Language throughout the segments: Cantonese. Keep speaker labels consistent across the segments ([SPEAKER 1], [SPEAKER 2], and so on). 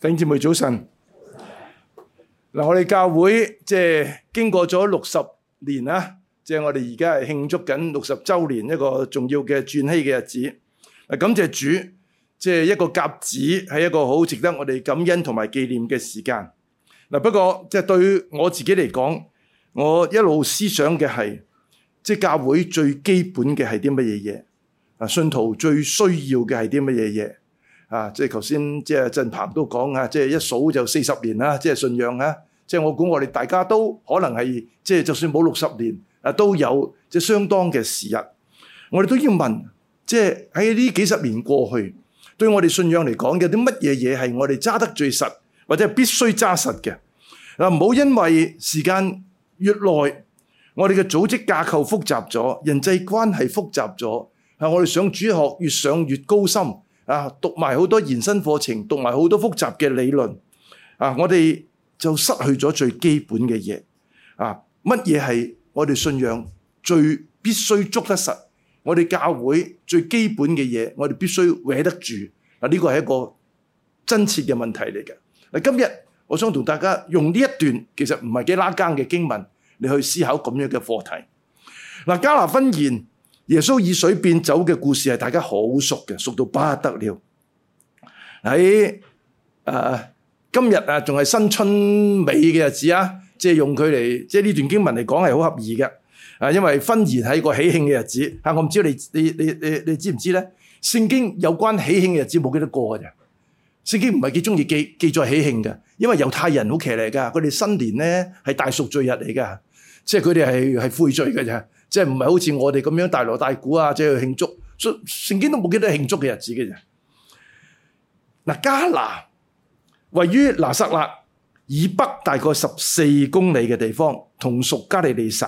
[SPEAKER 1] 弟兄姊妹早晨。嗱，我哋教會即係經過咗六十年啦，即係我哋而家係慶祝緊六十周年一個重要嘅鑽禧嘅日子。啊，感謝主！即係一個甲子，係一個好值得我哋感恩同埋紀念嘅時間。嗱，不過即係對於我自己嚟講，我一路思想嘅係，即係教會最基本嘅係啲乜嘢嘢？啊，信徒最需要嘅係啲乜嘢嘢？啊！即係頭先，即係振鵬都講啊！即係一數就四十年啦！即係信仰啊！即係我估我哋大家都可能係，即係就算冇六十年啊，都有即係相當嘅時日。我哋都要問，即係喺呢幾十年過去，對我哋信仰嚟講，有啲乜嘢嘢係我哋揸得最實，或者必須揸實嘅嗱？唔好因為時間越耐，我哋嘅組織架、架構複雜咗，人際關係複雜咗，係我哋上主學越上越高深。啊！讀埋好多延伸課程，讀埋好多複雜嘅理論，啊！我哋就失去咗最基本嘅嘢。啊！乜嘢係我哋信仰最必須捉得實？我哋教會最基本嘅嘢，我哋必須搲得住。嗱，呢個係一個真切嘅問題嚟嘅。嗱，今日我想同大家用呢一段其實唔係幾拉更嘅經文，你去思考咁樣嘅課題。嗱，迦拿婚筵。耶穌以水變酒嘅故事係大家好熟嘅，熟到不得了。喺、哎、啊、呃、今日啊，仲係新春尾嘅日子啊，即係用佢嚟，即係呢段經文嚟講係好合意嘅。啊，因為婚宴係一個喜慶嘅日子啊，我唔知道你你你你你你知唔知咧？聖經有關喜慶嘅日子冇幾多個嘅。聖經唔係幾中意記記載喜慶嘅，因為猶太人好騎厲噶，佢哋新年咧係大贖罪日嚟嘅，即係佢哋係係悔罪嘅啫。即係唔係好似我哋咁樣大鑼大鼓啊！即係去慶祝，聖經都冇幾多慶祝嘅日子嘅。嗱，加拿位於拿撒勒以北大概十四公里嘅地方，同屬加利利省。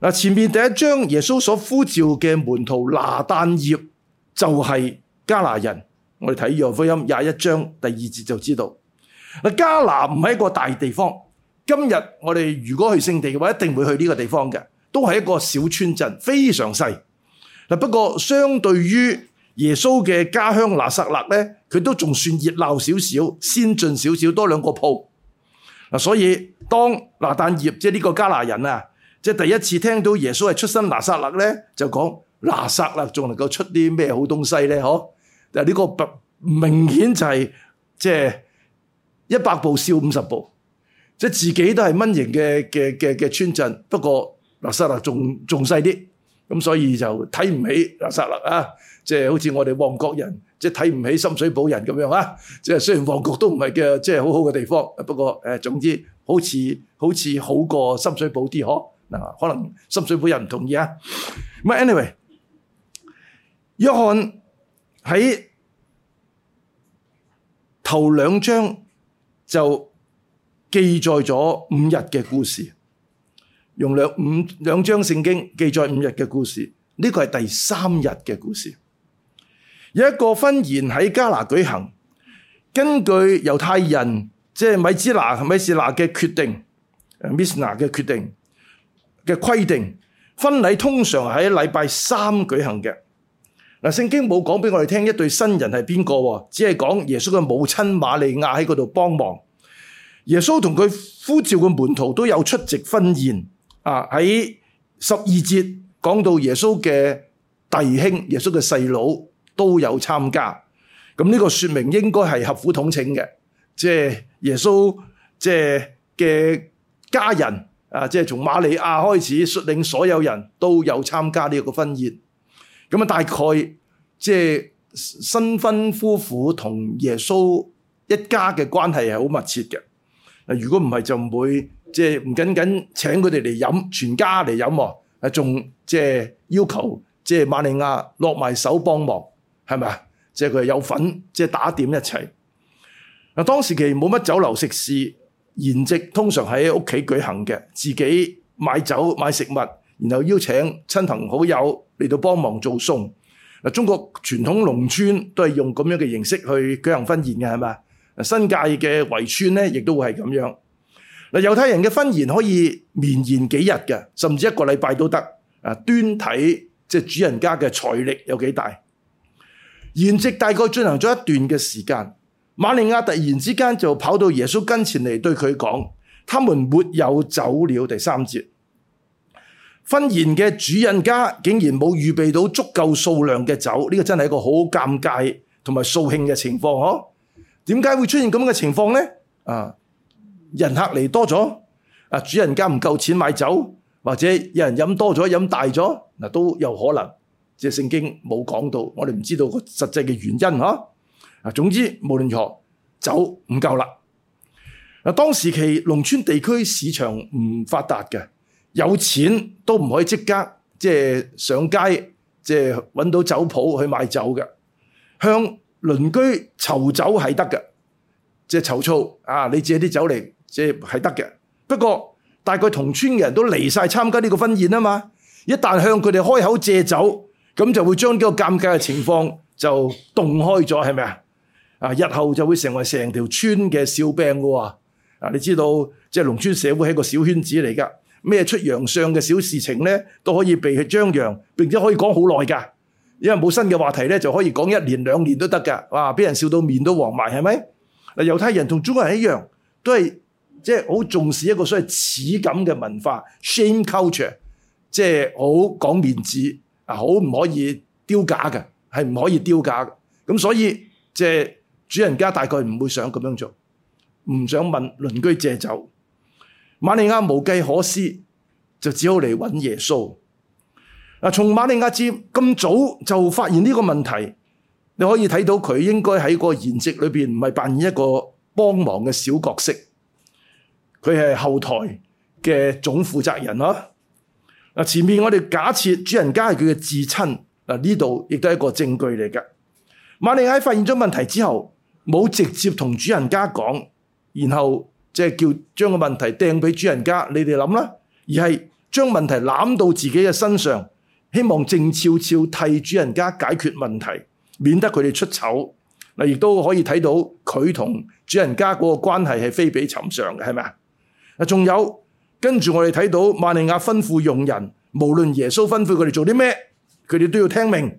[SPEAKER 1] 嗱，前面第一章耶穌所呼召嘅門徒拿但業就係、是、加拿人。我哋睇《約翰福音》廿一章第二節就知道。嗱，加拿唔係一個大地方。今日我哋如果去聖地嘅話，一定會去呢個地方嘅。都係一個小村鎮，非常細。嗱，不過相對於耶穌嘅家鄉拿撒勒呢，佢都仲算熱鬧少少、先進少少，多兩個鋪。所以當拿但業即係呢個加拿人啊，即係第一次聽到耶穌係出身拿撒勒呢，就講拿撒勒仲能夠出啲咩好東西呢？嗬！但係呢個明顯就係、是、即係一百步笑五十步，即係自己都係蚊型嘅嘅嘅嘅村鎮。不過。拿撒勒，仲仲細啲，咁所以就睇唔起拿撒勒啊！即係好似我哋旺角人，即係睇唔起深水埗人咁樣啊！即係雖然旺角都唔係嘅，即係好好嘅地方，不過誒、啊，總之好似好似好過深水埗啲嗬。嗱、啊啊，可能深水埗人唔同意啊。咁啊，anyway，約翰喺頭兩章就記載咗五日嘅故事。用兩五兩章聖經記載五日嘅故事，呢個係第三日嘅故事。有一個婚宴喺迦拿舉行，根據猶太人即係米茲拿、米士拿嘅決定，誒，米士拿嘅決定嘅規定，婚禮通常喺禮拜三舉行嘅。嗱，聖經冇講俾我哋聽一對新人係邊個，只係講耶穌嘅母親瑪利亞喺嗰度幫忙，耶穌同佢呼召嘅門徒都有出席婚宴。啊！喺十二節講到耶穌嘅弟兄、耶穌嘅細佬都有參加，咁、嗯、呢、這個説明應該係合乎常情嘅，即係耶穌即係嘅家人啊！即係從瑪利亞開始，率領所有人都有參加呢個婚宴。咁、嗯、啊，大概即係新婚夫婦同耶穌一家嘅關係係好密切嘅。嗱，如果唔係就唔會。即係唔僅僅請佢哋嚟飲，全家嚟飲喎，啊仲即係要求即係馬利亞落埋手幫忙，係咪啊？即係佢有份，即係打點一切。嗱，當時其實冇乜酒樓食肆筵席，通常喺屋企舉行嘅，自己買酒買食物，然後邀請親朋好友嚟到幫忙做餸。嗱，中國傳統農村都係用咁樣嘅形式去舉行婚宴嘅，係咪？新界嘅圍村咧，亦都會係咁樣。嗱，猶太人嘅婚宴可以綿延幾日嘅，甚至一個禮拜都得。啊，端睇即係主人家嘅財力有幾大。筵席大概進行咗一段嘅時間，馬利亞突然之間就跑到耶穌跟前嚟對佢講：他們沒有酒了。第三節婚宴嘅主人家竟然冇預備到足夠數量嘅酒，呢個真係一個好尷尬同埋掃興嘅情況。嗬，點解會出現咁嘅情況呢？啊！人客嚟多咗，啊，主人家唔夠錢買酒，或者有人飲多咗、飲大咗，嗱，都有可能。即係聖經冇講到，我哋唔知道個實際嘅原因嗬。啊，總之無論如何，酒唔夠啦。嗱，當時期農村地區市場唔發達嘅，有錢都唔可以即刻即係上街即係揾到酒鋪去買酒嘅，向鄰居籌酒係得嘅，即係籌措啊，你借啲酒嚟。即係得嘅，不過大概同村嘅人都嚟晒參加呢個婚宴啊嘛！一旦向佢哋開口借酒，咁就會將呢個尷尬嘅情況就洞開咗，係咪啊？啊，日後就會成為成條村嘅笑柄嘅喎！啊，你知道即係農村社會係一個小圈子嚟㗎，咩出洋相嘅小事情呢，都可以被佢張揚，並且可以講好耐㗎。因為冇新嘅話題呢，就可以講一年兩年都得㗎。哇！俾人笑到面都黃埋，係咪？嗱，猶太人同中國人一樣，都係。即係好重視一個所謂恥感嘅文化，shame culture，即係好講面子啊，好唔可以丟架嘅，係唔可以丟架嘅。咁所以即係主人家大概唔會想咁樣做，唔想問鄰居借酒。馬利亞無計可施，就只好嚟揾耶穌。嗱，從馬利亞知咁早就發現呢個問題，你可以睇到佢應該喺個筵席裏邊唔係扮演一個幫忙嘅小角色。佢係後台嘅總負責人咯。嗱，前面我哋假設主人家係佢嘅至親，嗱，呢度亦都係一個證據嚟噶。馬利亞發現咗問題之後，冇直接同主人家講，然後即係叫將個問題掟俾主人家，你哋諗啦，而係將問題攬到自己嘅身上，希望靜悄悄替主人家解決問題，免得佢哋出醜。嗱，亦都可以睇到佢同主人家嗰個關係係非比尋常嘅，係咪啊？啊，仲有跟住我哋睇到瑪利亞吩咐傭人，無論耶穌吩咐佢哋做啲咩，佢哋都要聽命。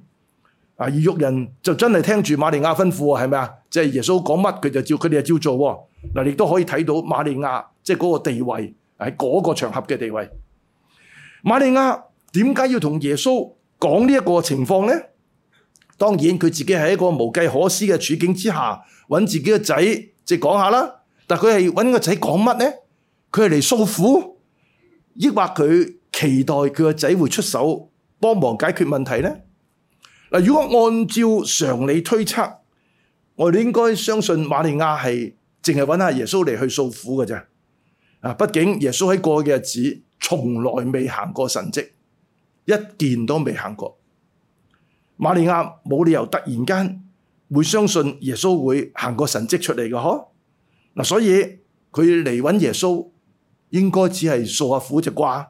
[SPEAKER 1] 啊，而傭人就真係聽住瑪利亞吩咐啊，係咪啊？即係耶穌講乜，佢就照佢哋就照做。嗱，你都可以睇到瑪利亞即係嗰個地位喺嗰個場合嘅地位。瑪利亞點解要同耶穌講呢一個情況呢？當然，佢自己喺一個無計可施嘅處境之下，揾自己嘅仔即係講下啦。但佢係揾個仔講乜呢？佢係嚟訴苦，抑或佢期待佢個仔會出手幫忙解決問題咧？嗱，如果按照常理推測，我哋應該相信瑪利亞係淨係搵阿耶穌嚟去訴苦嘅啫。啊，畢竟耶穌喺過去嘅日子從來未行過神蹟，一件都未行過。瑪利亞冇理由突然間會相信耶穌會行過神蹟出嚟嘅嗬，嗱，所以佢嚟搵耶穌。應該只係受下苦就啩。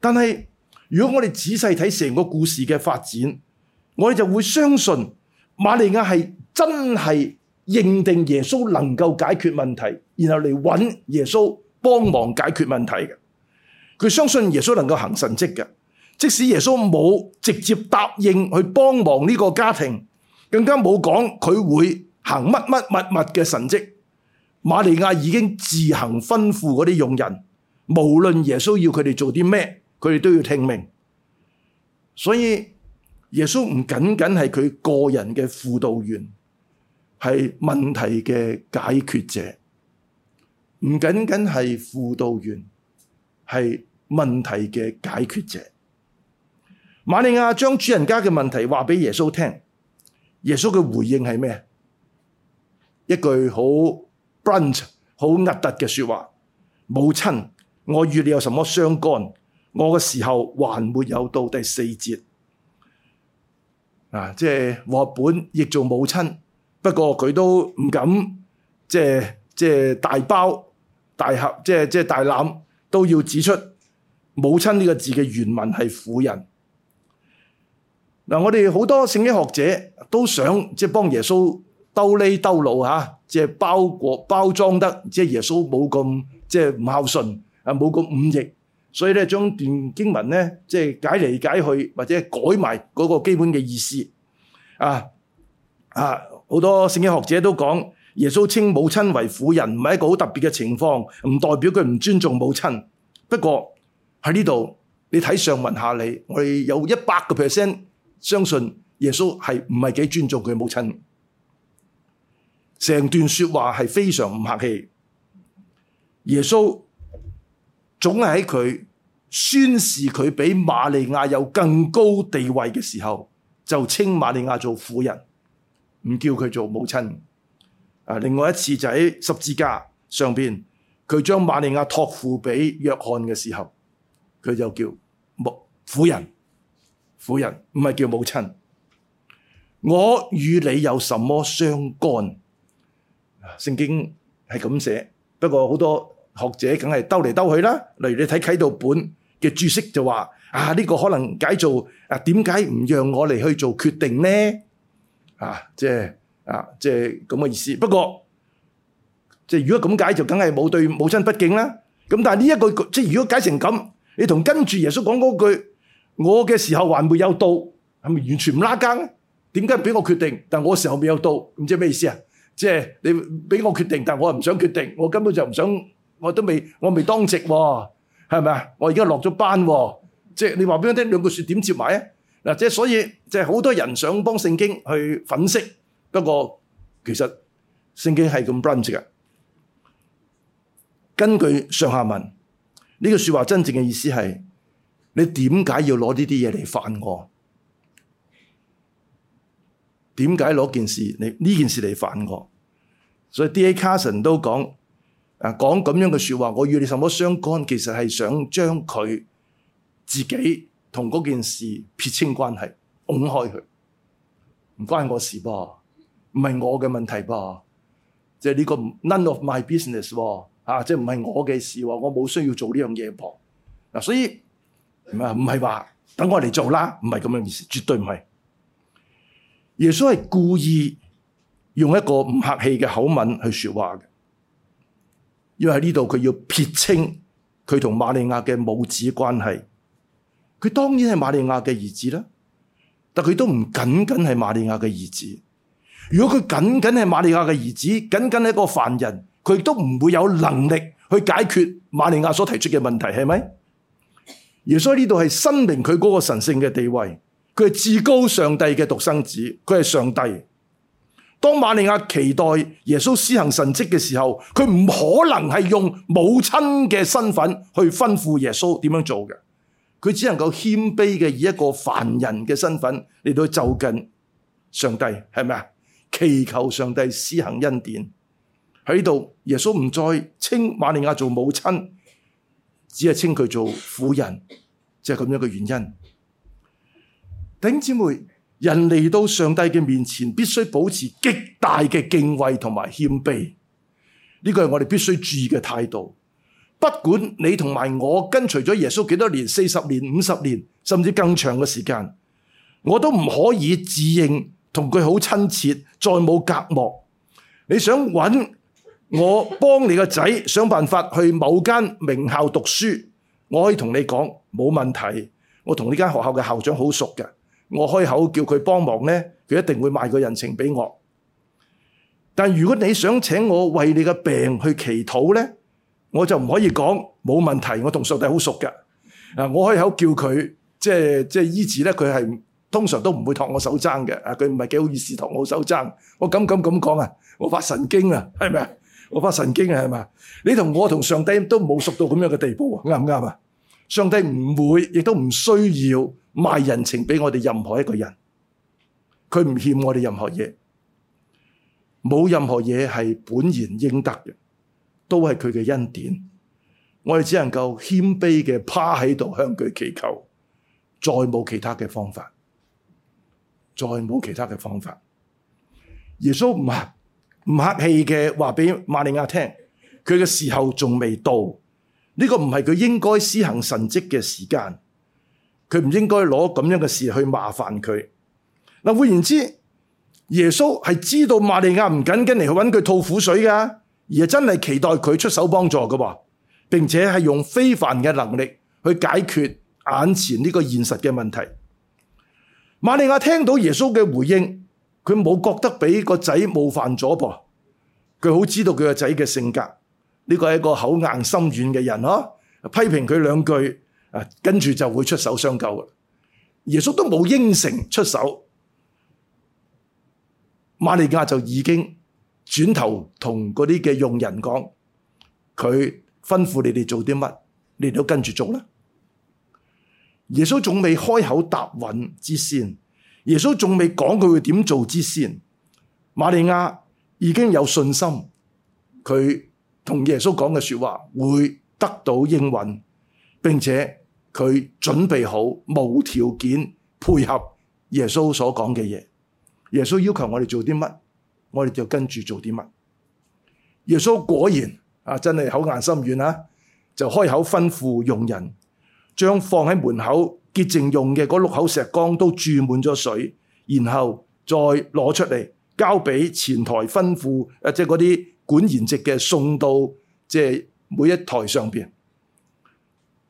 [SPEAKER 1] 但係如果我哋仔細睇成個故事嘅發展，我哋就會相信馬利亞係真係認定耶穌能夠解決問題，然後嚟揾耶穌幫忙解決問題嘅。佢相信耶穌能夠行神蹟嘅，即使耶穌冇直接答應去幫忙呢個家庭，更加冇講佢會行乜乜乜乜嘅神蹟。馬利亞已經自行吩咐嗰啲傭人，無論耶穌要佢哋做啲咩，佢哋都要聽命。所以耶穌唔僅僅係佢個人嘅輔導員，係問題嘅解決者，唔僅僅係輔導員，係問題嘅解決者。馬利亞將主人家嘅問題話俾耶穌聽，耶穌嘅回應係咩？一句好。brunch 好核突嘅說話，母親，我與你有什麼相干？我嘅時候還沒有到第四節啊！即係和本亦做母親，不過佢都唔敢即係即係大包大盒，即係即係大攬，都要指出母親呢個字嘅原文係婦人。嗱、啊，我哋好多聖經學者都想即係幫耶穌兜呢兜路嚇。即係包裹、包裝得，即係耶穌冇咁即係唔孝順啊，冇咁忤逆，所以咧將段經文咧即係解嚟解去，或者改埋嗰個基本嘅意思啊啊！好多聖經學者都講，耶穌稱母親為婦人，唔係一個好特別嘅情況，唔代表佢唔尊重母親。不過喺呢度，你睇上文下理，我哋有一百個 percent 相信耶穌係唔係幾尊重佢母親。成段說話係非常唔客氣。耶穌總係喺佢宣示佢比馬利亞有更高地位嘅時候，就稱馬利亞做婦人，唔叫佢做母親。啊，另外一次就喺十字架上邊，佢將馬利亞託付俾約翰嘅時候，佢就叫母婦人，婦人唔係叫母親。我與你有什麼相干？聖經係咁寫，不過好多學者梗係兜嚟兜去啦。例如你睇啟導本嘅注釋就話：啊呢個可能解做啊，點解唔讓我嚟去做決定呢？啊，即係啊，即係咁嘅意思。不過即係如果咁解就梗係冇對母親不敬啦。咁但係呢一句即係如果解成咁，你同跟住耶穌講嗰句：我嘅時候還沒有到，係咪完全唔拉更？點解俾我決定？但係我嘅時候未有到，唔知咩意思啊？即係你俾我決定，但係我又唔想決定，我根本就唔想，我都未，我未當值喎，係咪啊？我而家落咗班喎，啊，即係你話俾我聽兩句説點接埋啊？嗱，即係所以，即係好多人想幫聖經去粉飾，不過其實聖經係咁 balance 嘅。根據上下文，呢句説話真正嘅意思係：你點解要攞呢啲嘢嚟煩我？點解攞件事嚟呢件事嚟反我？所以 D. A. Carson 都講啊，講咁樣嘅説話，我與你什麼相干？其實係想將佢自己同嗰件事撇清關係，拱開佢，唔關我事噃，唔係我嘅問題噃，即係呢個 None of my business 喎，啊，即係唔係我嘅事喎，我冇需要做呢樣嘢噃。嗱，所以唔係唔係話等我嚟做啦，唔係咁樣意思，絕對唔係。耶穌係故意用一個唔客氣嘅口吻去說話嘅，因為喺呢度佢要撇清佢同瑪利亞嘅母子關係。佢當然係瑪利亞嘅兒子啦，但佢都唔僅僅係瑪利亞嘅兒子。如果佢僅僅係瑪利亞嘅兒子，僅僅係一個凡人，佢都唔會有能力去解決瑪利亞所提出嘅問題，係咪？耶穌喺呢度係申明佢嗰個神聖嘅地位。佢係至高上帝嘅獨生子，佢係上帝。當瑪利亞期待耶穌施行神蹟嘅時候，佢唔可能係用母親嘅身份去吩咐耶穌點樣做嘅，佢只能夠謙卑嘅以一個凡人嘅身份嚟到就近上帝，係咪啊？祈求上帝施行恩典。喺度，耶穌唔再稱瑪利亞做母親，只係稱佢做婦人，即係咁樣嘅原因。弟兄姊妹，人嚟到上帝嘅面前，必須保持極大嘅敬畏同埋謙卑。呢個係我哋必須注意嘅態度。不管你同埋我跟隨咗耶穌幾多年，四十年、五十年，甚至更長嘅時間，我都唔可以自認同佢好親切，再冇隔膜。你想揾我幫你個仔想辦法去某間名校讀書，我可以同你講冇問題。我同呢間學校嘅校長好熟嘅。我開口叫佢幫忙呢，佢一定會賣個人情俾我。但如果你想請我為你嘅病去祈禱呢，我就唔可以講冇問題。我同上帝好熟嘅，啊，我開口叫佢即係即係醫治呢，佢係通常都唔會托我手踭嘅。啊，佢唔係幾好意思托我手踭。我敢敢咁講啊，我發神經啊，係咪啊？我發神經啊，係咪？你同我同上帝都冇熟到咁樣嘅地步啊。啱唔啱啊？上帝唔會，亦都唔需要。賣人情俾我哋任何一個人，佢唔欠我哋任何嘢，冇任何嘢係本然應得嘅，都係佢嘅恩典。我哋只能夠謙卑嘅趴喺度向佢祈求，再冇其他嘅方法，再冇其他嘅方法。耶穌唔客唔客氣嘅話俾瑪利亞聽，佢嘅時候仲未到，呢個唔係佢應該施行神蹟嘅時間。佢唔應該攞咁樣嘅事去麻煩佢。嗱，換言之，耶穌係知道瑪利亞唔緊跟嚟去揾佢吐苦水噶，而係真係期待佢出手幫助嘅喎。並且係用非凡嘅能力去解決眼前呢個現實嘅問題。瑪利亞聽到耶穌嘅回應，佢冇覺得俾個仔冒犯咗噃。佢好知道佢個仔嘅性格，呢個係一個口硬心軟嘅人呵。批評佢兩句。跟住就會出手相救嘅。耶穌都冇應承出手，瑪利亞就已經轉頭同嗰啲嘅用人講，佢吩咐你哋做啲乜，你哋都跟住做啦。耶穌仲未開口答允之先，耶穌仲未講佢會點做之先，瑪利亞已經有信心，佢同耶穌講嘅説話會得到應允，並且，佢準備好，無條件配合耶穌所講嘅嘢。耶穌要求我哋做啲乜，我哋就跟住做啲乜。耶穌果然啊，真係口硬心軟啊，就開口吩咐用人將放喺門口潔淨用嘅嗰六口石缸都注滿咗水，然後再攞出嚟交俾前台吩咐，誒即係嗰啲管筵席嘅送到，即係每一台上邊。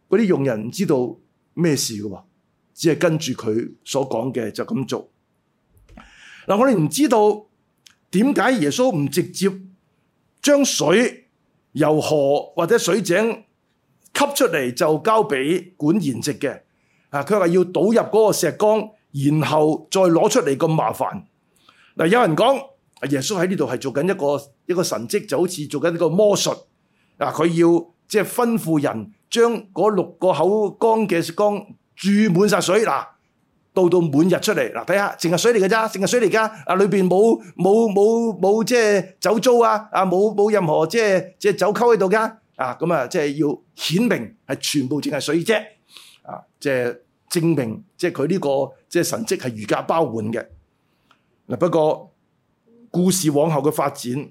[SPEAKER 1] 嗰啲傭人唔知道咩事噶，只係跟住佢所講嘅就咁做。嗱、啊，我哋唔知道點解耶穌唔直接將水由河或者水井吸出嚟就交俾管筵席嘅。啊，佢話要倒入嗰個石缸，然後再攞出嚟咁麻煩。嗱、啊，有人講耶穌喺呢度係做緊一個一個神跡，就好似做緊一個魔術。嗱、啊，佢要即係、就是、吩咐人。將嗰六個口缸嘅缸注滿晒水，嗱，倒到滿日出嚟，嗱，睇下，淨係水嚟㗎咋？淨係水嚟噶、就是，啊裏邊冇冇冇冇即係酒糟啊，啊冇冇任何即係即係酒溝喺度噶，啊咁啊即係要顯明係全部淨係水啫，啊即係、就是、證明即係佢呢個即係、就是、神跡係如假包換嘅。嗱，不過故事往後嘅發展，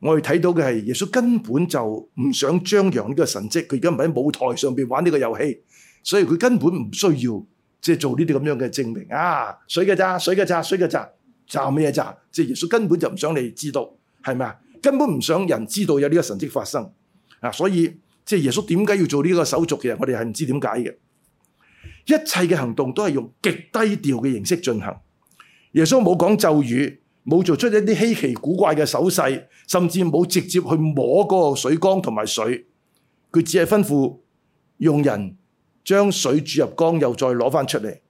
[SPEAKER 1] 我哋睇到嘅係耶穌根本就唔想張揚呢個神蹟，佢而家唔喺舞台上邊玩呢個遊戲，所以佢根本唔需要即係做呢啲咁樣嘅證明啊，水嘅咋，水嘅咋，水嘅咋，咋咩嘢咋？即係耶穌根本就唔想你知道，係咪啊？根本唔想人知道有呢個神蹟發生啊！所以即係耶穌點解要做呢個手續嘅？我哋係唔知點解嘅。一切嘅行動都係用極低調嘅形式進行。耶穌冇講咒語。冇做出一啲稀奇古怪嘅手勢，甚至冇直接去摸嗰個水缸同埋水，佢只係吩咐用人將水注入缸，又再攞翻出嚟，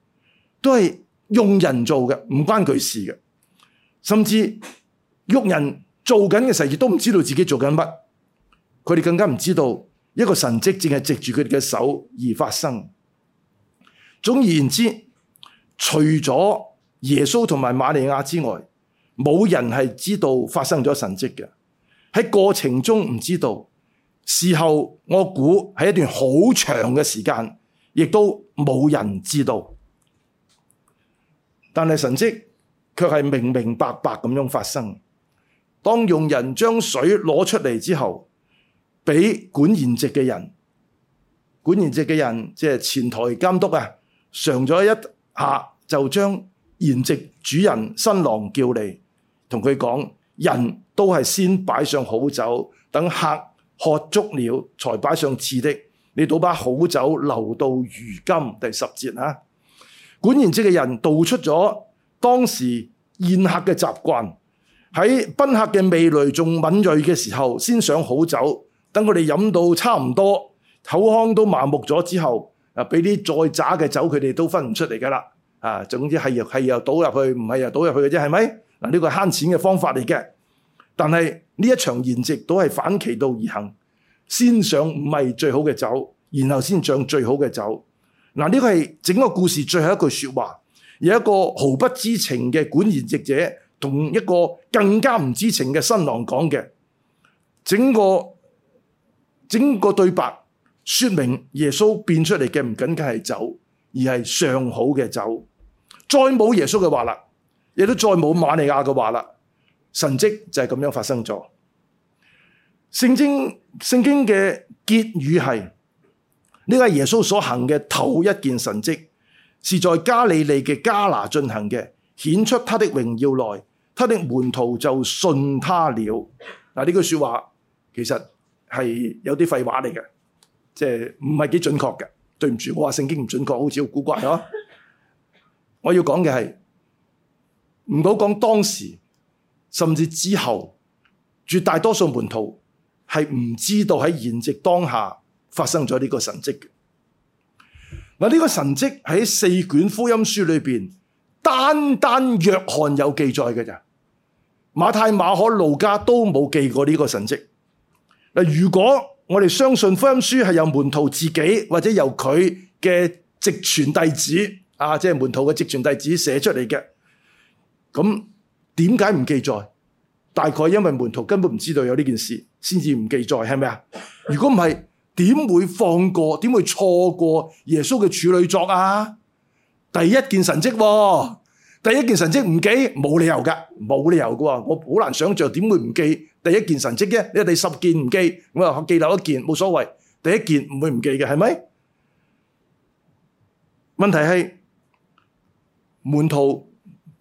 [SPEAKER 1] 都係用人做嘅，唔關佢事嘅。甚至用人做緊嘅時候亦都唔知道自己做緊乜，佢哋更加唔知道一個神蹟淨係藉住佢哋嘅手而發生。總而言之，除咗耶穌同埋瑪利亞之外，冇人係知道發生咗神蹟嘅，喺過程中唔知道，事後我估係一段好長嘅時間，亦都冇人知道。但係神蹟卻係明明白白咁樣發生。當用人將水攞出嚟之後，俾管筵席嘅人，管筵席嘅人即係、就是、前台監督啊，嘗咗一下就將筵席主人新郎叫嚟。同佢講，人都係先擺上好酒，等客喝足了才擺上次的。你倒把好酒留到如今，第十節啊。管筵席嘅人道出咗當時宴客嘅習慣，喺賓客嘅味蕾仲敏鋭嘅時候，先上好酒。等佢哋飲到差唔多，口腔都麻木咗之後，啊，俾啲再渣嘅酒，佢哋都分唔出嚟噶啦。啊，總之係又係又倒入去，唔係又倒入去嘅啫，係咪？呢個係慳錢嘅方法嚟嘅，但係呢一場筵席都係反其道而行，先上唔係最好嘅酒，然後先上最好嘅酒。嗱，呢個係整個故事最後一句説話，有一個毫不知情嘅管筵席者，同一個更加唔知情嘅新郎講嘅整個整個對白，說明耶穌變出嚟嘅唔僅係酒，而係上好嘅酒。再冇耶穌嘅話啦。亦都再冇瑪利亞嘅話啦，神蹟就係咁樣發生咗。聖經聖經嘅結語係，呢個係耶穌所行嘅頭一件神蹟，是在加利利嘅加拿進行嘅，顯出他的榮耀來，他的門徒就信他了。嗱，呢句說話其實係有啲廢話嚟嘅，即係唔係幾準確嘅。對唔住，我話聖經唔準確，好似好古怪嗬。我要講嘅係。唔好講當時，甚至之後，絕大多數門徒係唔知道喺筵席當下發生咗呢個神蹟嘅。嗱，呢個神蹟喺四卷福音書裏邊，單單約翰有記載嘅咋？馬太、馬可、路加都冇記過呢個神蹟。嗱，如果我哋相信福音書係由門徒自己或者由佢嘅直傳弟子啊，即係門徒嘅直傳弟子寫出嚟嘅。咁點解唔記載？大概因為門徒根本唔知道有呢件事，先至唔記載，係咪啊？如果唔係，點會放過？點會錯過耶穌嘅處女作啊？第一件神蹟，第一件神蹟唔記，冇理由㗎，冇理由㗎。我好難想像點會唔記第一件神蹟嘅？你第十件唔記，我記漏一件冇所謂，第一件唔會唔記嘅，係咪？問題係門徒。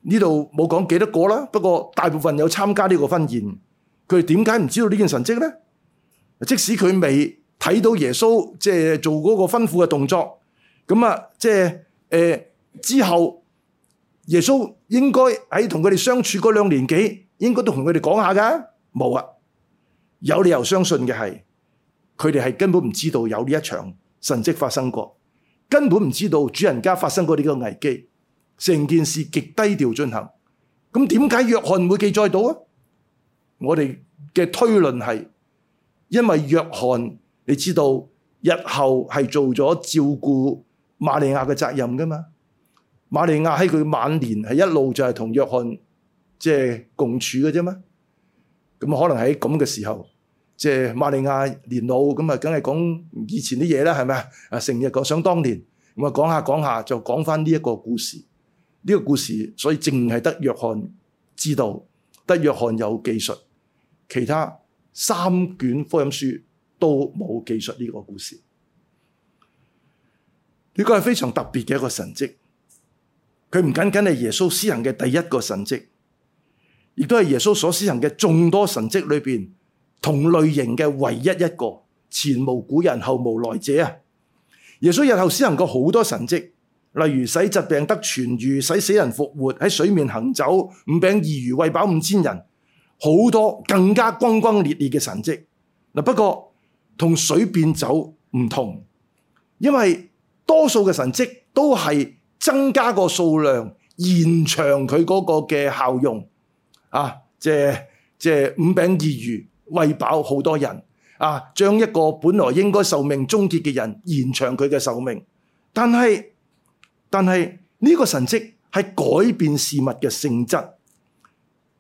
[SPEAKER 1] 呢度冇講幾多個啦，不過大部分有參加呢個婚宴，佢哋點解唔知道呢件神蹟呢？即使佢未睇到耶穌，即係做嗰個吩咐嘅動作，咁啊，即係誒之後耶穌應該喺同佢哋相處嗰兩年幾，應該都同佢哋講下噶，冇啊，有理由相信嘅係，佢哋係根本唔知道有呢一場神蹟發生過，根本唔知道主人家發生過呢個危機。成件事極低調進行，咁點解約翰會記載到啊？我哋嘅推論係因為約翰，你知道日後係做咗照顧瑪利亞嘅責任㗎嘛？瑪利亞喺佢晚年係一路就係同約翰即係、就是、共處嘅啫嘛。咁可能喺咁嘅時候，即係瑪利亞年老，咁啊，梗係講以前啲嘢啦，係咪啊？成日講想當年，咁啊，講下講下就講返呢一個故事。呢個故事，所以淨係得約翰知道，得約翰有技術，其他三卷福音書都冇記述呢個故事。呢、呢個係非常特別嘅一個神蹟，佢唔僅僅係耶穌施行嘅第一個神蹟，亦都係耶穌所施行嘅眾多神蹟裏邊同類型嘅唯一一個，前無古人後無來者啊！耶穌日後施行過好多神蹟。例如使疾病得痊愈，使死人復活，喺水面行走，五餅二魚餵飽五千人，好多更加轟轟烈烈嘅神跡。嗱，不過同水變酒唔同，因為多數嘅神跡都係增加個數量，延長佢嗰個嘅效用。啊，即係即係五餅二魚餵飽好多人，啊，將一個本來應該壽命終結嘅人延長佢嘅壽命，但係。但係呢個神跡係改變事物嘅性質，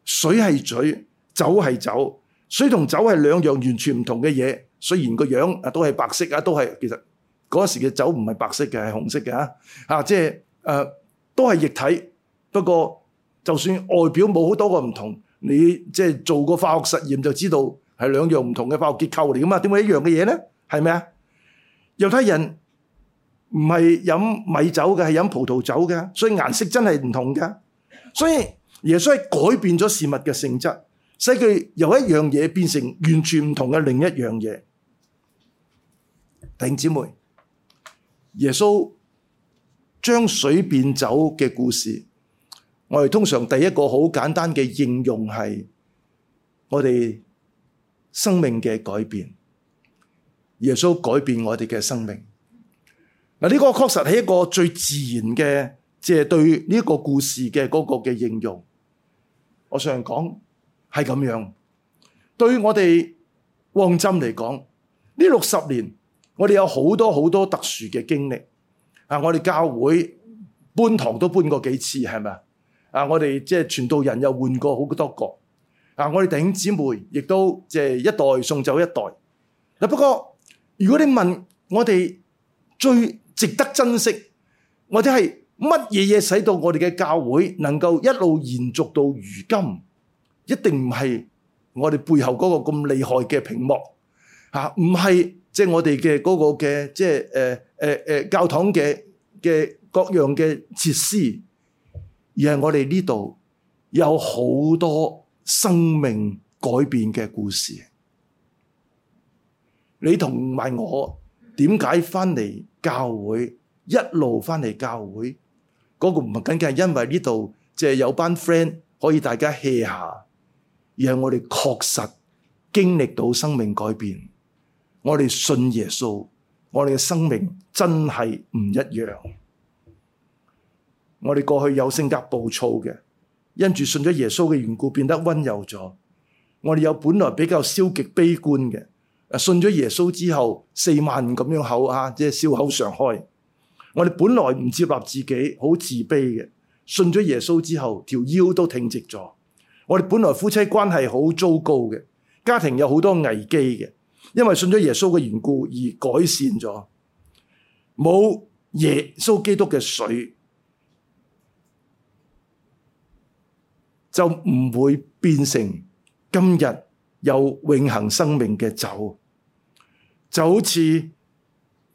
[SPEAKER 1] 水係水，酒係酒，水同酒係兩樣完全唔同嘅嘢。雖然個樣啊都係白色，白色，色啊，呃、都係其實嗰時嘅酒唔係白色嘅，係紅色嘅嚇嚇，即係誒都係液體。不過就算外表冇好多個唔同，你即係做個化學實驗就知道係兩樣唔同嘅化學結構嚟噶嘛？點解一樣嘅嘢呢？係咪啊？猶太人，唔係飲米酒嘅，係飲葡萄酒嘅，所以顏色真係唔同㗎。所以耶穌係改變咗事物嘅性質，使佢由一樣嘢變成完全唔同嘅另一樣嘢。弟兄姊妹，耶穌將水變酒嘅故事，我哋通常第一個好簡單嘅應用係我哋生命嘅改變。耶穌改變我哋嘅生命。嗱，呢個確實係一個最自然嘅，即係對呢一個故事嘅嗰個嘅應用。我想講係咁樣，對於我哋旺浸嚟講，呢六十年我哋有好多好多特殊嘅經歷。啊，我哋教會搬堂都搬過幾次，係咪啊？我哋即係傳道人又換過好多個。啊，我哋弟兄姊妹亦都即係一代送走一代。嗱，不過如果你問我哋最值得珍惜，或者係乜嘢嘢使到我哋嘅教會能夠一路延續到如今，一定唔係我哋背後嗰個咁厲害嘅屏幕，嚇，唔係即係我哋嘅嗰個嘅即係誒誒誒教堂嘅嘅各樣嘅設施，而係我哋呢度有好多生命改變嘅故事，你同埋我。點解翻嚟教會，一路翻嚟教會，嗰個唔係僅僅係因為呢度即係有班 friend 可以大家 hea 下，而係我哋確實經歷到生命改變。我哋信耶穌，我哋嘅生命真係唔一樣。我哋過去有性格暴躁嘅，因住信咗耶穌嘅緣故，變得溫柔咗。我哋有本來比較消極悲觀嘅。信咗耶穌之後，四萬咁樣口吓，即係笑口常開。我哋本來唔接納自己，好自卑嘅。信咗耶穌之後，條腰都挺直咗。我哋本來夫妻關係好糟糕嘅，家庭有好多危機嘅，因為信咗耶穌嘅緣故而改善咗。冇耶穌基督嘅水，就唔會變成今日有永恆生命嘅酒。就好似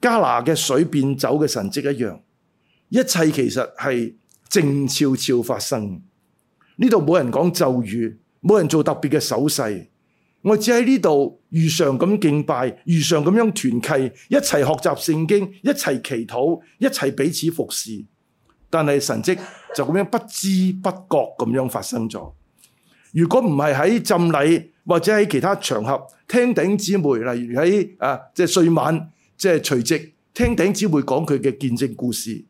[SPEAKER 1] 加拿嘅水變酒嘅神蹟一樣，一切其實係靜悄悄發生。呢度冇人講咒語，冇人做特別嘅手勢，我只喺呢度如常咁敬拜，如常咁樣團契，一齊學習聖經，一齊祈禱，一齊彼此服侍。但係神蹟就咁樣不知不覺咁樣發生咗。如果唔係喺浸禮。或者喺其他場合聽頂姊妹，例如喺啊，即係、就是、歲晚，就是、即係除夕聽頂姊妹講佢嘅見證故事。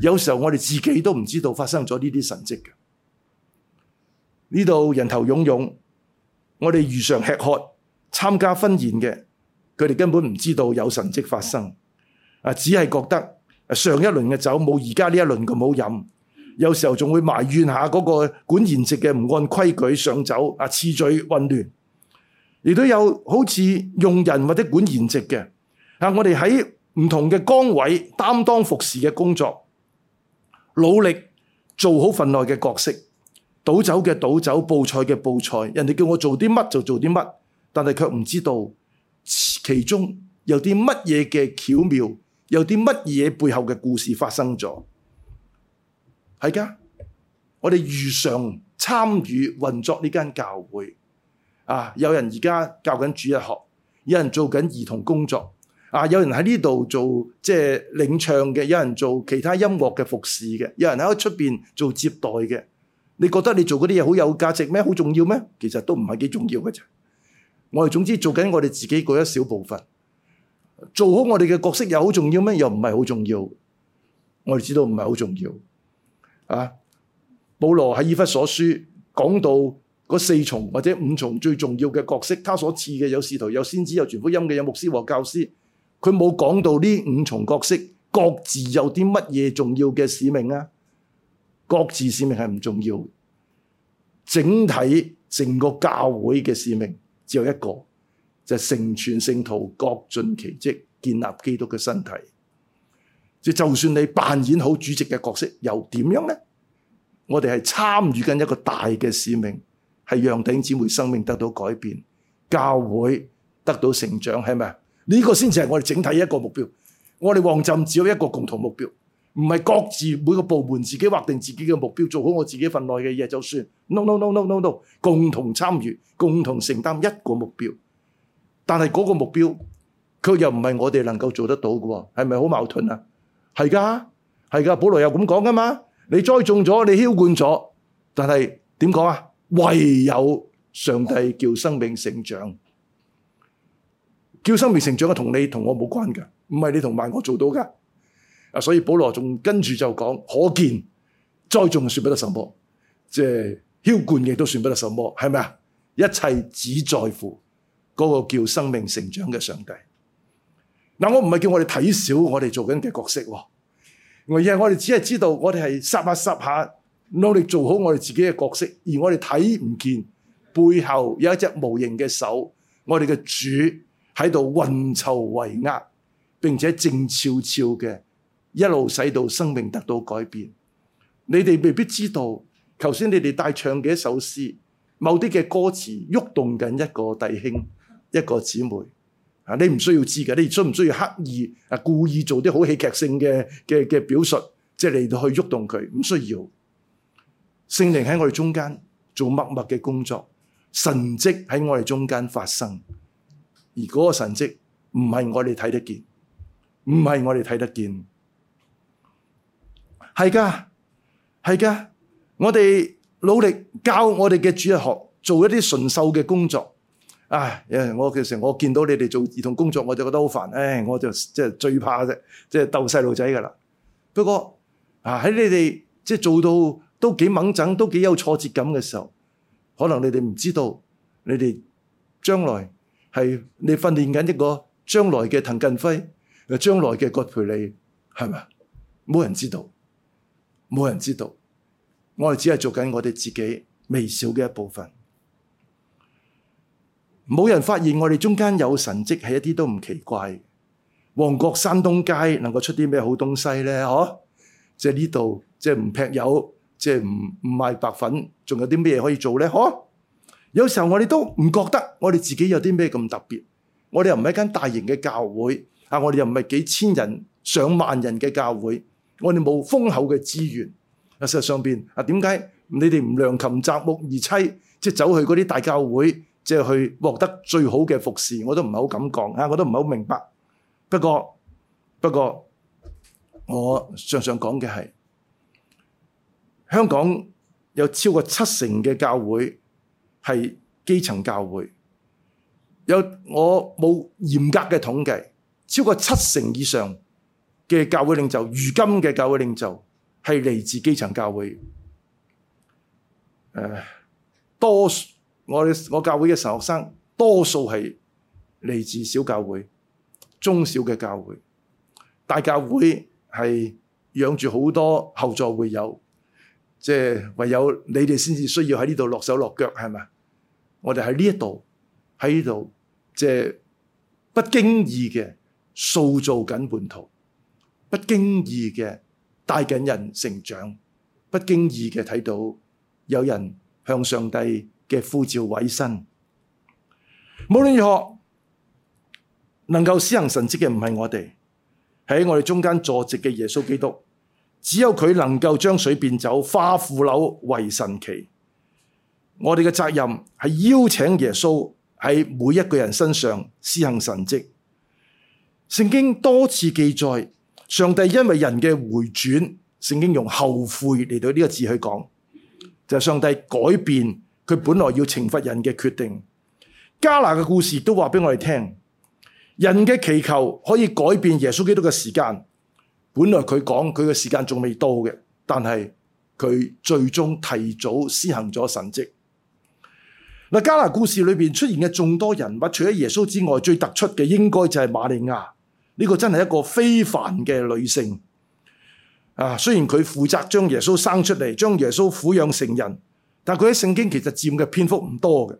[SPEAKER 1] 有時候我哋自己都唔知道發生咗呢啲神蹟嘅。呢度人頭湧湧，我哋如常吃喝參加婚宴嘅，佢哋根本唔知道有神蹟發生，啊，只係覺得上一輪嘅酒冇而家呢一輪咁好飲。有時候仲會埋怨下嗰個管筵席嘅唔按規矩上酒啊，次序混亂，亦都有好似用人或者管筵席嘅啊，我哋喺唔同嘅崗位擔當服侍嘅工作，努力做好份內嘅角色，倒酒嘅倒酒，佈菜嘅佈菜，人哋叫我做啲乜就做啲乜，但係卻唔知道其中有啲乜嘢嘅巧妙，有啲乜嘢背後嘅故事發生咗。係㗎，我哋如常參與運作呢間教會啊！有人而家教緊主日學，有人做緊兒童工作啊！有人喺呢度做即係領唱嘅，有人做其他音樂嘅服侍嘅，有人喺出邊做接待嘅。你覺得你做嗰啲嘢好有價值咩？好重要咩？其實都唔係幾重要嘅啫。我哋總之做緊我哋自己嗰一小部分，做好我哋嘅角色又好重要咩？又唔係好重要。我哋知道唔係好重要。啊！保羅喺以弗所書講到嗰四重或者五重最重要嘅角色，他所賜嘅有使徒、有先知、有傳福音嘅、有牧師和教師。佢冇講到呢五重角色各自有啲乜嘢重要嘅使命啊？各自使命係唔重要，整體成個教會嘅使命只有一個，就係、是、成全聖徒、各盡其職、建立基督嘅身體。就算你扮演好主席嘅角色，又點樣呢？我哋係參與緊一個大嘅使命，係讓頂姊妹生命得到改變，教會得到成長，係咪啊？呢個先至係我哋整體一個目標，我哋旺浸只有一個共同目標，唔係各自每個部門自己，劃定自己嘅目標，做好我自己份內嘅嘢，就算，no, no, no, no, no, no，共同參與，共同承擔一個目標。但是那個目標，佢又唔係我哋能夠做得到嘅，係咪好矛盾啊？係噶係噶保羅又咁講噶嘛？你栽種咗，你澆灌咗，但係點講啊？唯有上帝叫生命成長，叫生命成長嘅同你同我冇關噶唔係你同埋我做到噶啊，所以保羅仲跟住就講，可見栽種算不得什麼，即係澆灌亦都算不得什麼，係咪啊？一切只在乎嗰個叫生命成長嘅上帝。嗱，我唔係叫我哋睇小我哋做緊嘅角色喎，而係我哋只係知道我哋係濕下濕下努力做好我哋自己嘅角色，而我哋睇唔見背後有一隻無形嘅手，我哋嘅主喺度運籌帷幄，並且靜悄悄嘅一路使到生命得到改變。你哋未必知道，頭先你哋帶唱嘅一首詩，某啲嘅歌詞喐動緊一個弟兄一個姊妹。啊！你唔需要知㗎，你需唔需要刻意啊？故意做啲好戲劇性嘅嘅嘅表述，即係嚟到去喐動佢，唔需要。聖靈喺我哋中間做默默嘅工作，神蹟喺我哋中間發生，而嗰個神蹟唔係我哋睇得見，唔係我哋睇得見，係噶、嗯，係噶，我哋努力教我哋嘅主日學，做一啲純秀嘅工作。啊！有我其實我見到你哋做兒童工作，我就覺得好煩。唉，我就即係最怕嘅啫，即係斗細路仔噶啦。不過啊，喺你哋即係做到都幾掹掙，都幾有挫折感嘅時候，可能你哋唔知道，你哋將來係你訓練緊一個將來嘅滕近輝，誒，將來嘅葛培理，係咪？冇人知道，冇人知道。我哋只係做緊我哋自己微小嘅一部分。冇人發現我哋中間有神蹟係一啲都唔奇怪。旺角山東街能夠出啲咩好東西呢？呵、啊，即係呢度，即係唔劈友，即係唔唔賣白粉，仲有啲咩可以做呢？呵、啊，有時候我哋都唔覺得我哋自己有啲咩咁特別。我哋又唔係一間大型嘅教會啊，我哋又唔係幾千人、上萬人嘅教會，我教會我，我哋冇豐厚嘅資源。事實上邊啊？點解你哋唔良禽擇木而棲？即係走去嗰啲大教會？即係去獲得最好嘅服侍，我都唔係好敢講啊！我都唔係好明白。不過，不過，我上上講嘅係香港有超過七成嘅教會係基層教會，有我冇嚴格嘅統計，超過七成以上嘅教會領袖，如今嘅教會領袖係嚟自基層教會。誒、呃，多數。我哋我教會嘅神學生，多數係嚟自小教會、中小嘅教會，大教會係養住好多後座會友，即係唯有你哋先至需要喺呢度落手落腳，係咪？我哋喺呢一度，喺呢度，即係不經意嘅塑造緊信徒，不經意嘅帶緊人成長，不經意嘅睇到有人向上帝嘅呼召委身，無論如何能夠施行神蹟嘅唔係我哋，喺我哋中間坐席嘅耶穌基督，只有佢能夠將水變酒，化腐朽為神奇。我哋嘅責任係邀請耶穌喺每一個人身上施行神蹟。聖經多次記載，上帝因為人嘅回轉，聖經用後悔嚟到呢個字去講，就係、是、上帝改變。佢本來要懲罰人嘅決定，加拿嘅故事都話俾我哋聽，人嘅祈求可以改變耶穌基督嘅時間。本來佢講佢嘅時間仲未到嘅，但係佢最終提早施行咗神蹟。嗱，加拿故事裏邊出現嘅眾多人物，除咗耶穌之外，最突出嘅應該就係瑪利亞。呢個真係一個非凡嘅女性。啊，雖然佢負責將耶穌生出嚟，將耶穌撫養成人。但佢喺聖經其實佔嘅篇幅唔多嘅，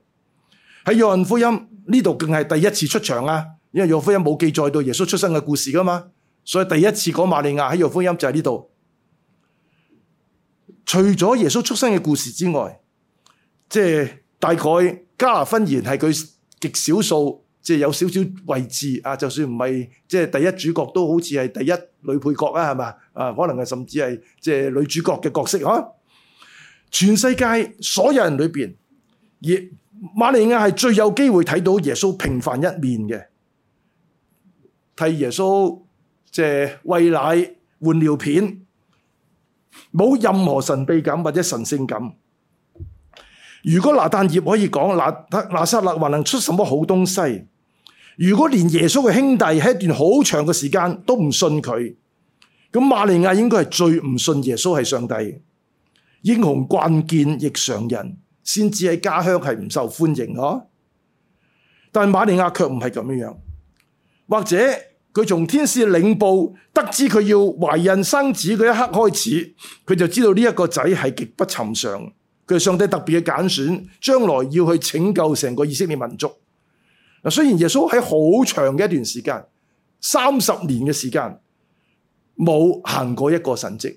[SPEAKER 1] 喺約翰福音呢度更係第一次出場啦，因為約翰福音冇記載到耶穌出生嘅故事噶嘛，所以第一次講瑪利亞喺約翰福音就係呢度。除咗耶穌出生嘅故事之外，即係大概迦拿婚筵係佢極少數，即係有少少位置啊，就算唔係即係第一主角，都好似係第一女配角啊，係咪？啊，可能係甚至係即係女主角嘅角色嗬。全世界所有人裏邊，而馬利亞係最有機會睇到耶穌平凡一面嘅，替耶穌即係餵奶換尿片，冇任何神秘感或者神聖感。如果拿但業可以講拿拿撒勒還能出什麼好東西？如果連耶穌嘅兄弟喺一段好長嘅時間都唔信佢，咁馬利亞應該係最唔信耶穌係上帝英雄慣見亦常人，先至喺家鄉係唔受歡迎嗬。但係瑪利亞卻唔係咁樣，或者佢從天使領報，得知佢要懷孕生子嗰一刻開始，佢就知道呢一個仔係極不尋常，佢係上帝特別嘅揀選，將來要去拯救成個以色列民族。嗱，雖然耶穌喺好長嘅一段時間，三十年嘅時間，冇行過一個神蹟。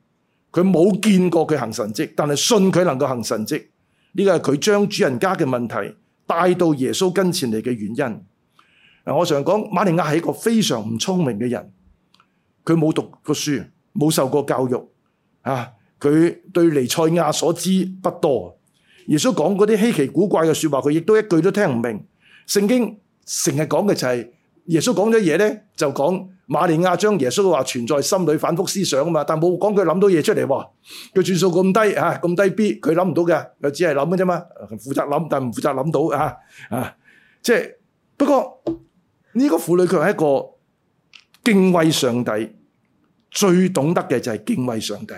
[SPEAKER 1] 佢冇見過佢行神蹟，但係信佢能夠行神蹟。呢個係佢將主人家嘅問題帶到耶穌跟前嚟嘅原因。嗱，我常講馬利亞係一個非常唔聰明嘅人，佢冇讀過書，冇受過教育，啊，佢對尼賽亞所知不多。耶穌講嗰啲稀奇古怪嘅説話，佢亦都一句都聽唔明。聖經成日講嘅就係、是。耶穌講咗嘢呢，就講瑪利亞將耶穌嘅話存在心裏反覆思想啊嘛，但冇講佢諗到嘢出嚟喎。佢轉數咁低啊，咁低 B，佢諗唔到嘅，佢只係諗嘅啫嘛，負責諗但唔負責諗到啊啊！即係不過呢個婦女，佢係一個敬畏上帝，最懂得嘅就係敬畏上帝。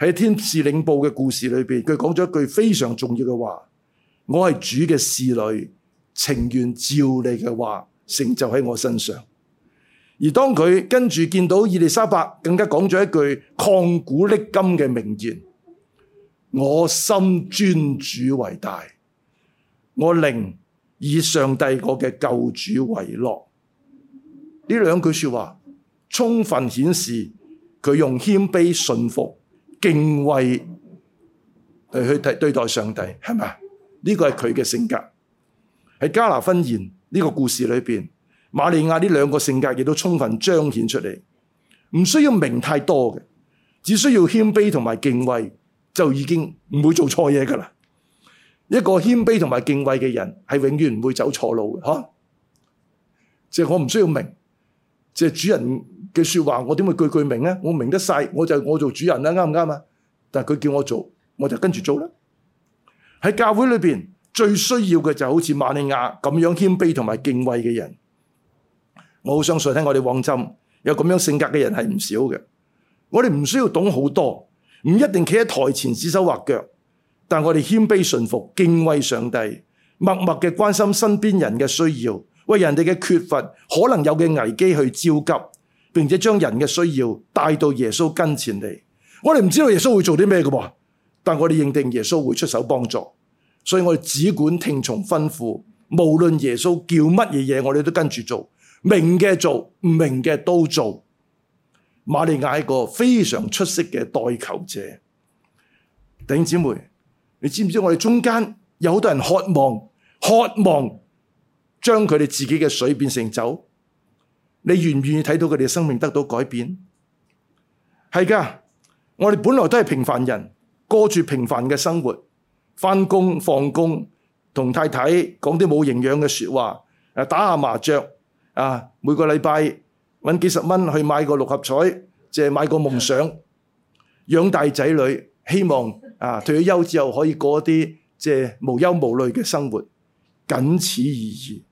[SPEAKER 1] 喺天使領報嘅故事裏邊，佢講咗一句非常重要嘅話：我係主嘅侍女，情願照你嘅話。成就喺我身上，而當佢跟住見到伊利莎白更加講咗一句抗古瀝今嘅名言： 我心尊主為大，我寧以上帝我嘅救主為樂。呢兩句說話充分顯示佢用謙卑、信服、敬畏嚟去對待上帝，係咪？呢、這個係佢嘅性格。喺加拿大婚宴。呢個故事裏邊，瑪利亞呢兩個性格亦都充分彰顯出嚟。唔需要明太多嘅，只需要謙卑同埋敬畏就已經唔會做錯嘢噶啦。一個謙卑同埋敬畏嘅人係永遠唔會走錯路嘅，吓，啊。即係我唔需要明，即係主人嘅說話，我點會句句明呢？我明得晒，我就我做主人啦，啱唔啱啊？但係佢叫我做，我就跟住做啦。喺教會裏邊。最需要嘅就好似瑪利亞咁樣謙卑同埋敬畏嘅人，我好相信喺我哋旺角有咁樣性格嘅人係唔少嘅。我哋唔需要懂好多，唔一定企喺台前指手畫腳，但我哋謙卑順服，敬畏上帝，默默嘅關心身邊人嘅需要，為人哋嘅缺乏，可能有嘅危機去焦急，並且將人嘅需要帶到耶穌跟前嚟。我哋唔知道耶穌會做啲咩嘅，但我哋認定耶穌會出手幫助。所以我哋只管聽從吩咐，無論耶穌叫乜嘢嘢，我哋都跟住做，明嘅做，唔明嘅都做。瑪利亞一個非常出色嘅代求者，弟兄姊妹，你知唔知我哋中間有好多人渴望渴望將佢哋自己嘅水變成酒？你願唔願意睇到佢哋生命得到改變？係㗎，我哋本來都係平凡人，過住平凡嘅生活。翻工放工，同太太講啲冇營養嘅説話，誒打下麻雀啊，每個禮拜揾幾十蚊去買個六合彩，即係買個夢想，養大仔女，希望啊退咗休之後可以過一啲即係無憂無慮嘅生活，僅此而已。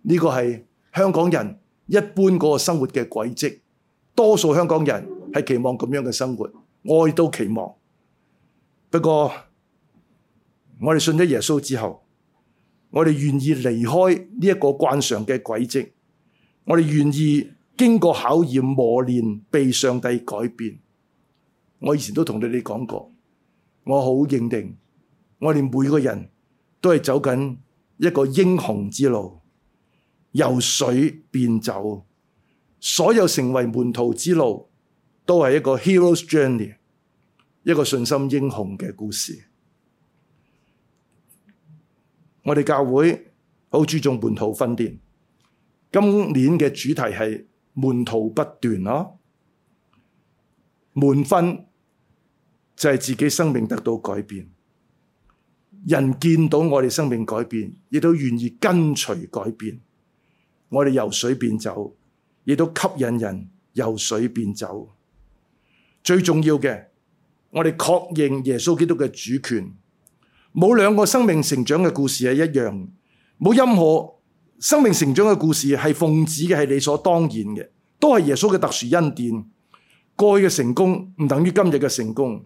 [SPEAKER 1] 呢個係香港人一般嗰個生活嘅軌跡，多數香港人係期望咁樣嘅生活，愛都期望，不過。我哋信咗耶穌之後，我哋願意離開呢一個慣常嘅軌跡，我哋願意經過考驗磨練，被上帝改變。我以前都同你哋講過，我好認定，我哋每個人都係走緊一個英雄之路，由水變酒。所有成為門徒之路都係一個 heroes journey，一個信心英雄嘅故事。我哋教會好注重門徒訓練。今年嘅主題係門徒不斷咯，門訓就係自己生命得到改變，人見到我哋生命改變，亦都願意跟隨改變。我哋由水變酒，亦都吸引人由水變酒。最重要嘅，我哋確認耶穌基督嘅主權。冇兩個生命成長嘅故事係一樣，冇任何生命成長嘅故事係奉旨嘅，係理所當然嘅，都係耶穌嘅特殊恩典。過去嘅成功唔等於今日嘅成功，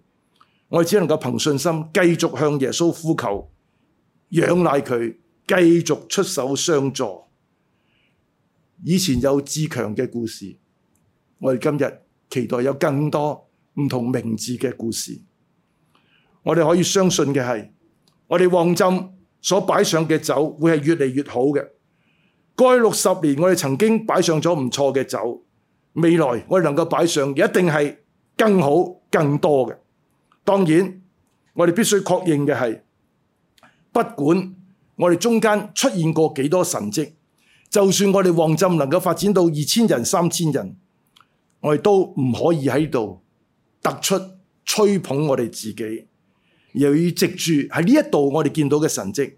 [SPEAKER 1] 我哋只能夠憑信心繼續向耶穌呼求，仰賴佢繼續出手相助。以前有志強嘅故事，我哋今日期待有更多唔同名字嘅故事。我哋可以相信嘅係。我哋旺浸所擺上嘅酒會係越嚟越好嘅。過去六十年，我哋曾經擺上咗唔錯嘅酒，未來我哋能夠擺上嘅一定係更好、更多嘅。當然，我哋必須確認嘅係，不管我哋中間出現過幾多神跡，就算我哋旺浸能夠發展到二千人、三千人，我哋都唔可以喺度突出吹捧我哋自己。又要藉住喺呢一度，我哋見到嘅神跡，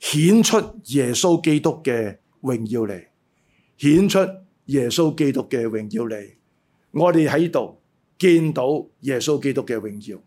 [SPEAKER 1] 顯出耶穌基督嘅榮耀嚟，顯出耶穌基督嘅榮耀嚟。我哋喺度見到耶穌基督嘅榮耀。